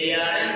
they are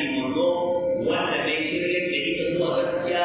yaki manzo wanda bai shirya da ita zuwa gaskiya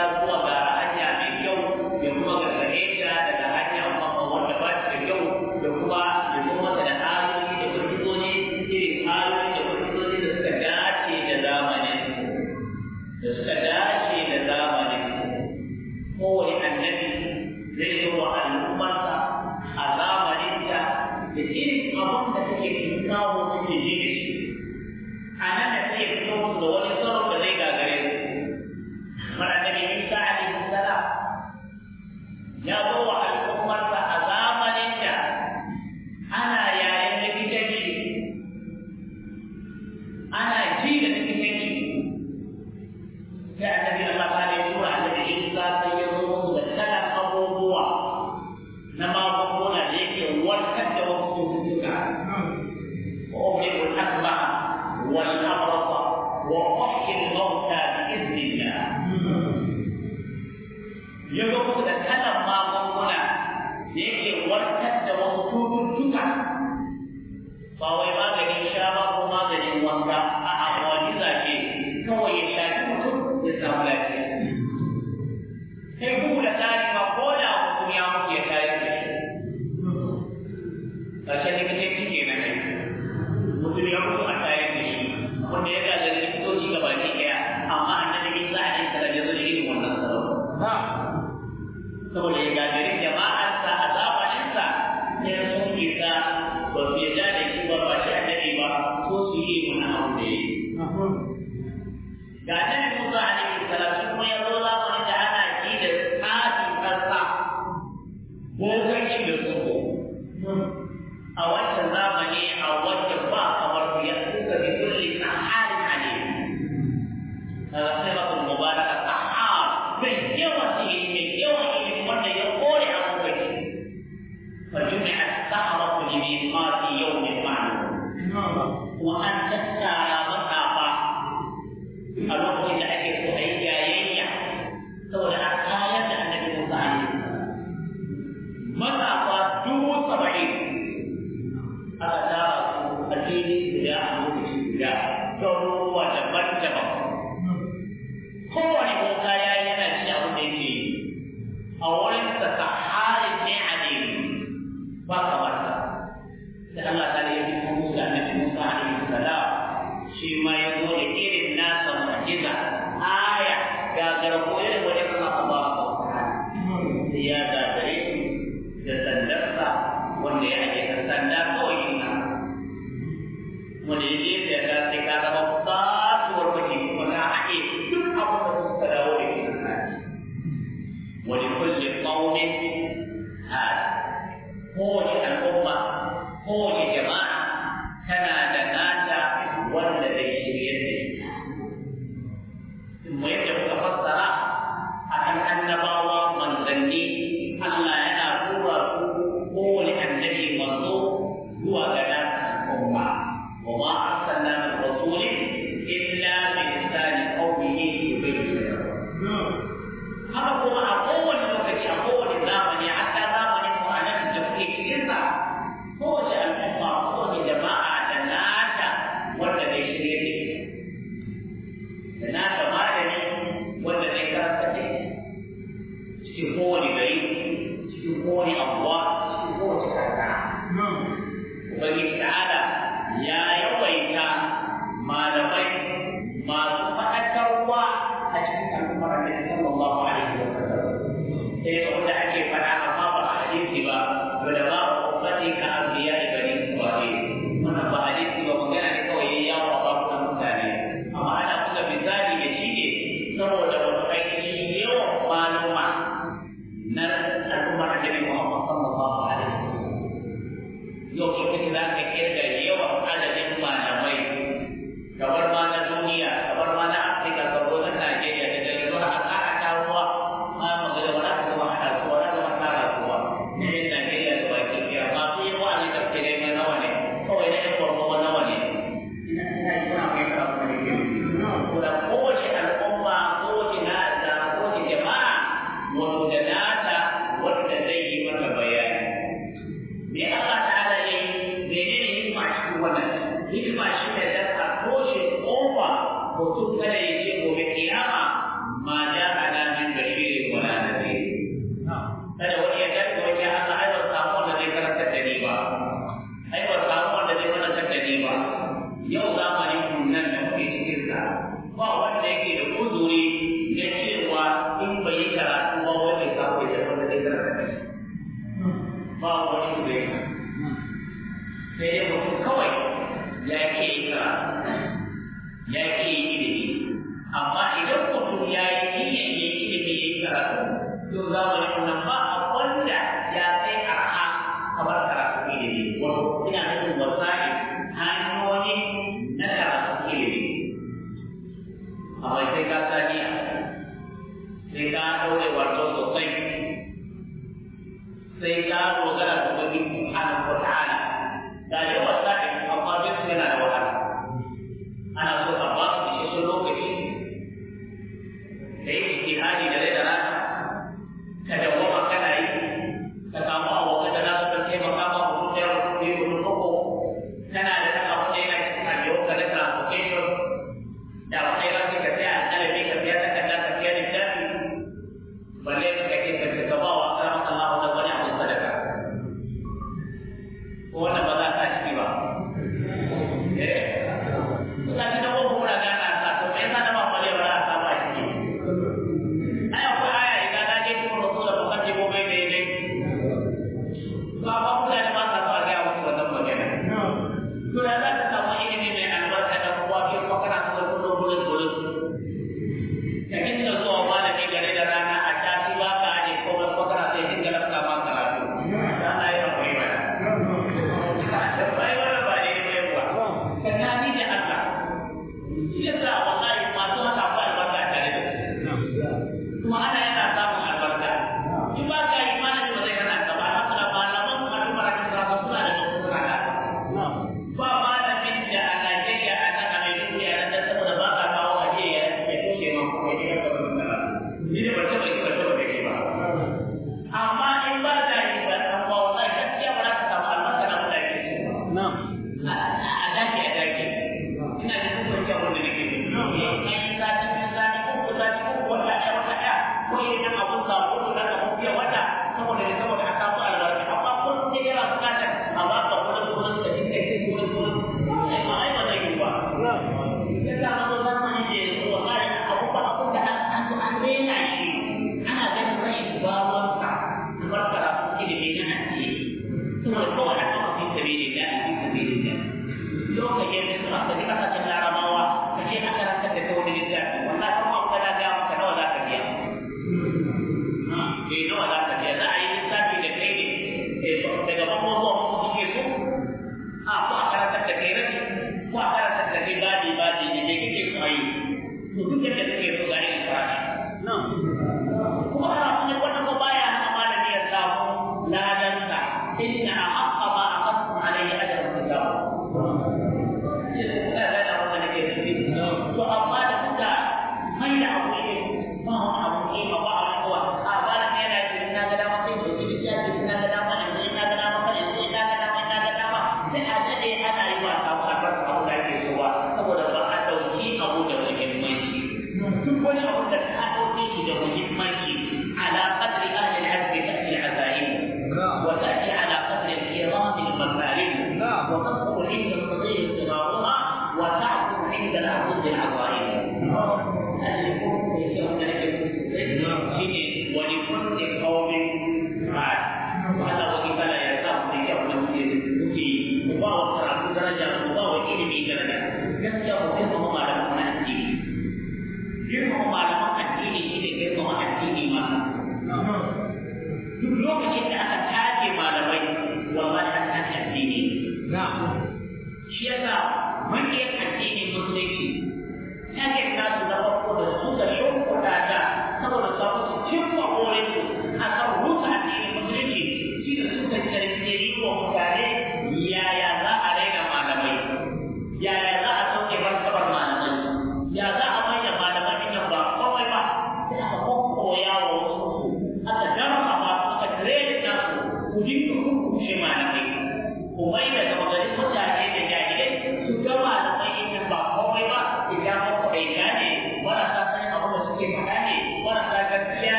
قال النبي موسى عليه السلام suka ta ɗauke shi da muhimmanci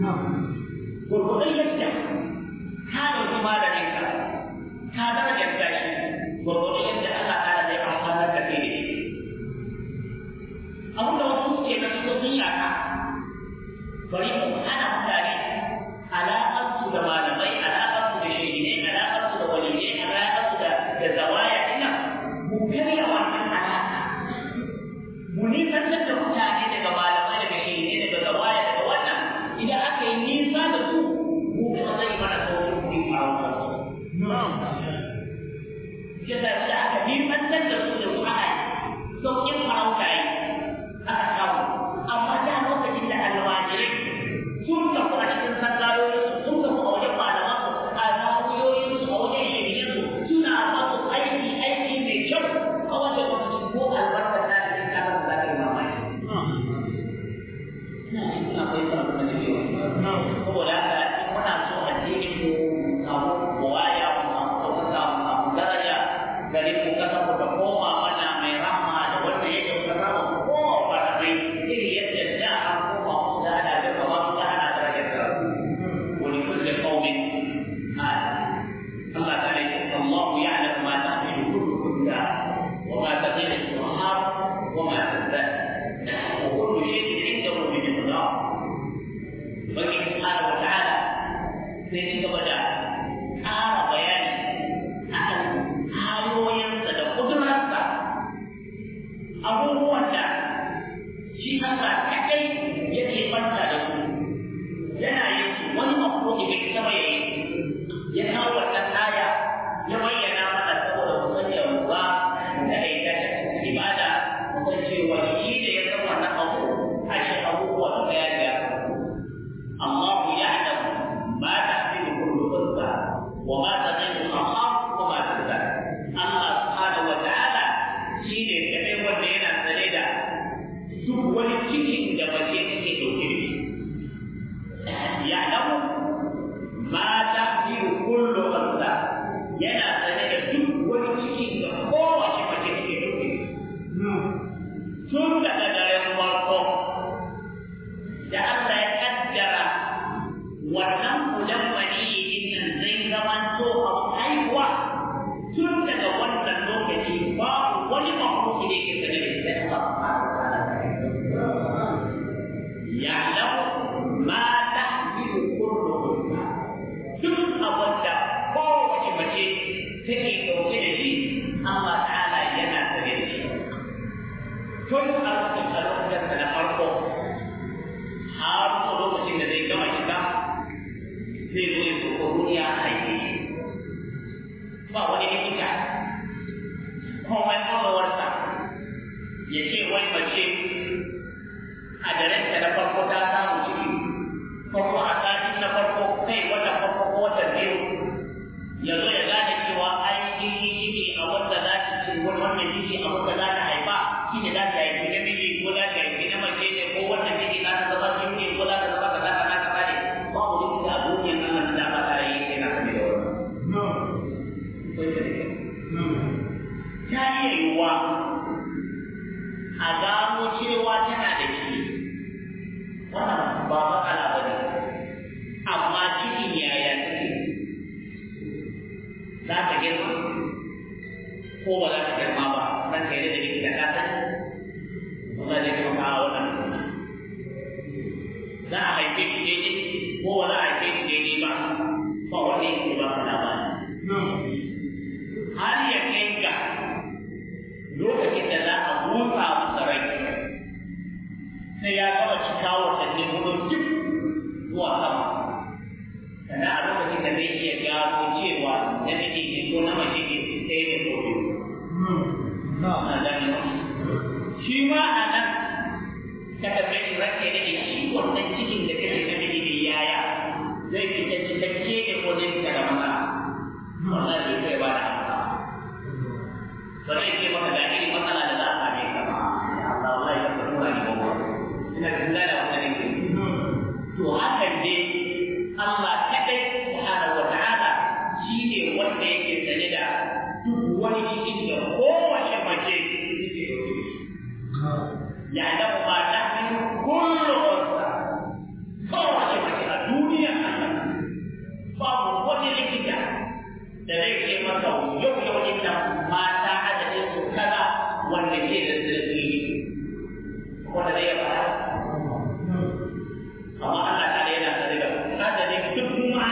نعم والقضية هذا الضمان الإنسان هذا الجزاء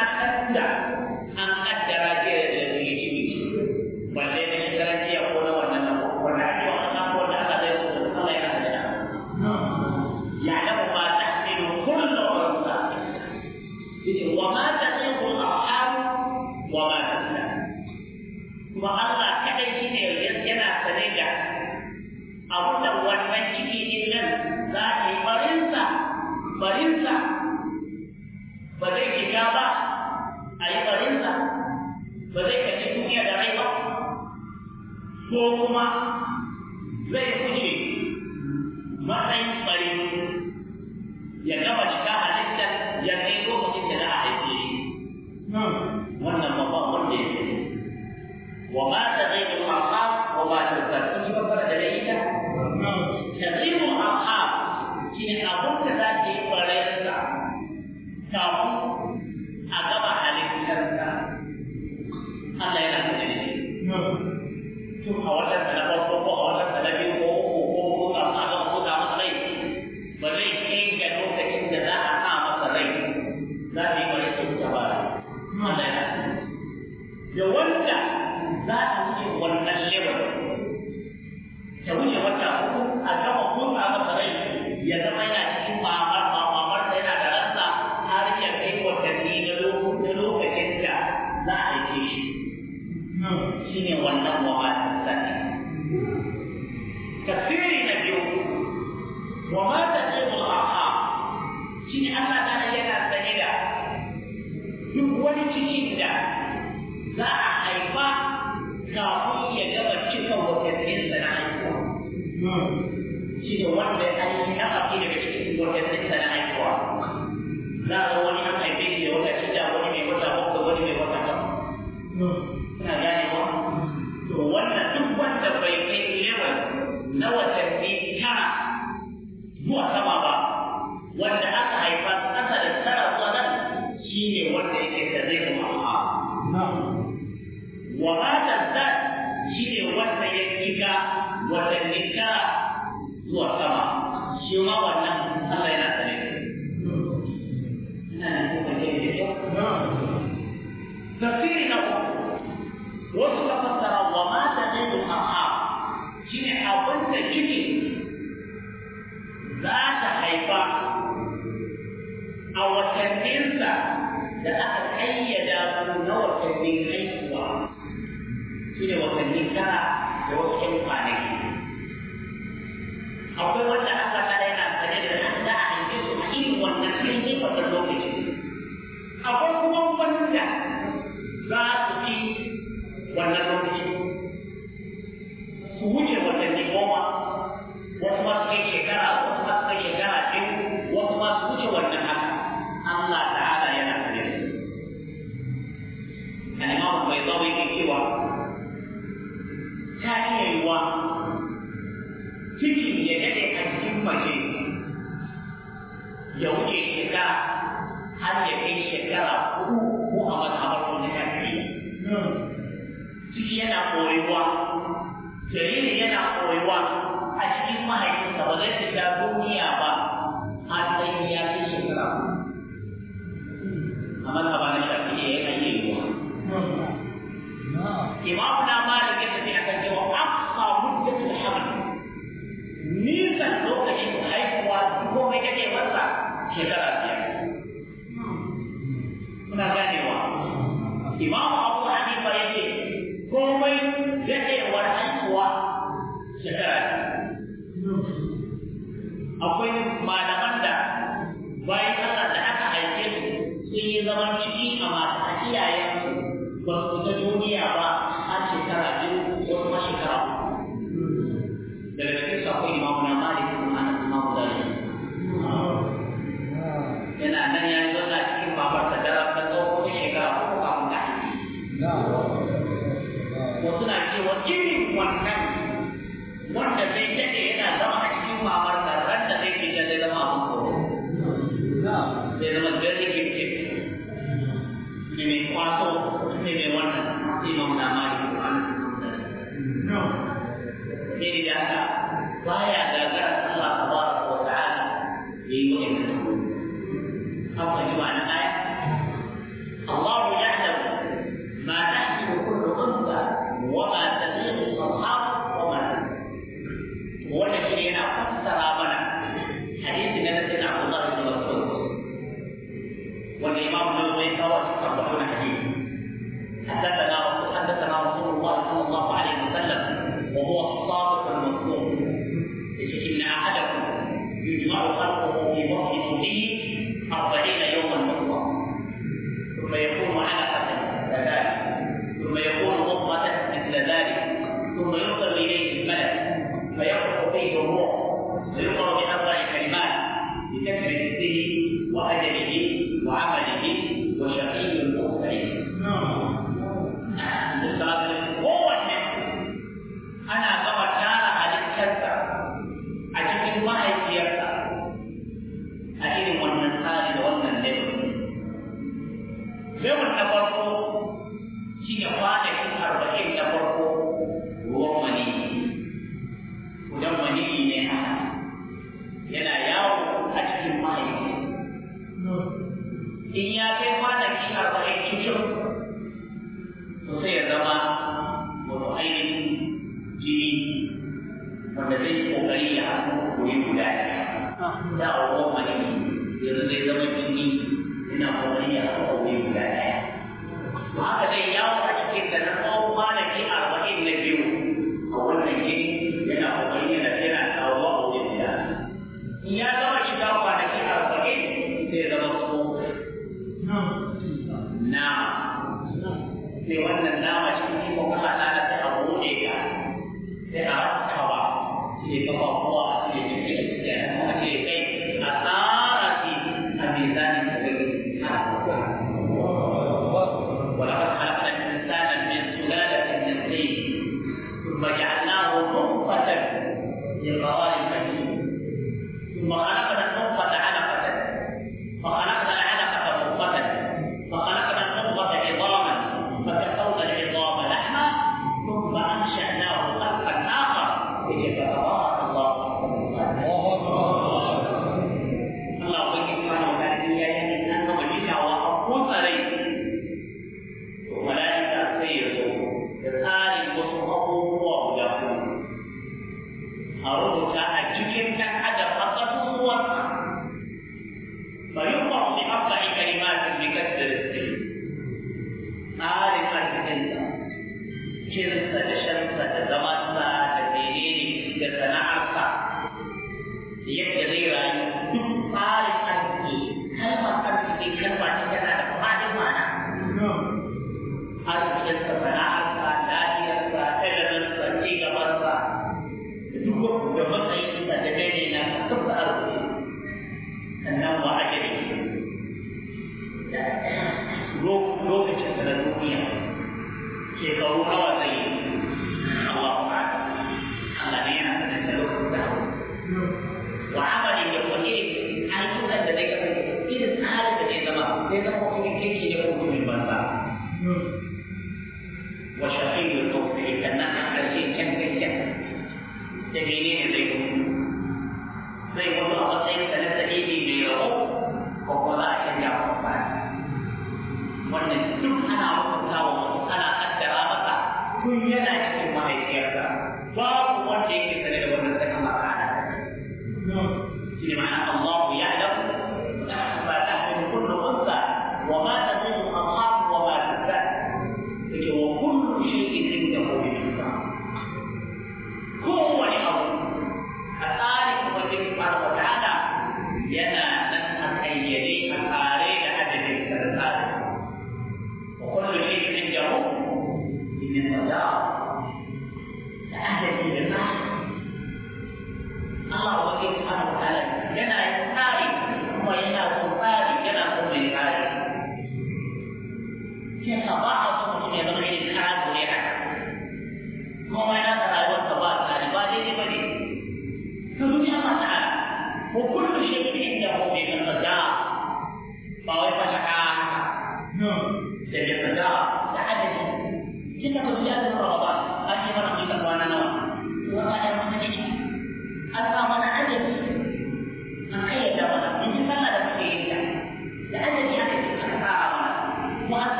ta thanh đẳng wani cikin da za a Quem tun yana cikin mahaifiyarsa babu wanda yake sanar da wannan sakamaka shi ne ma'ana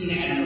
you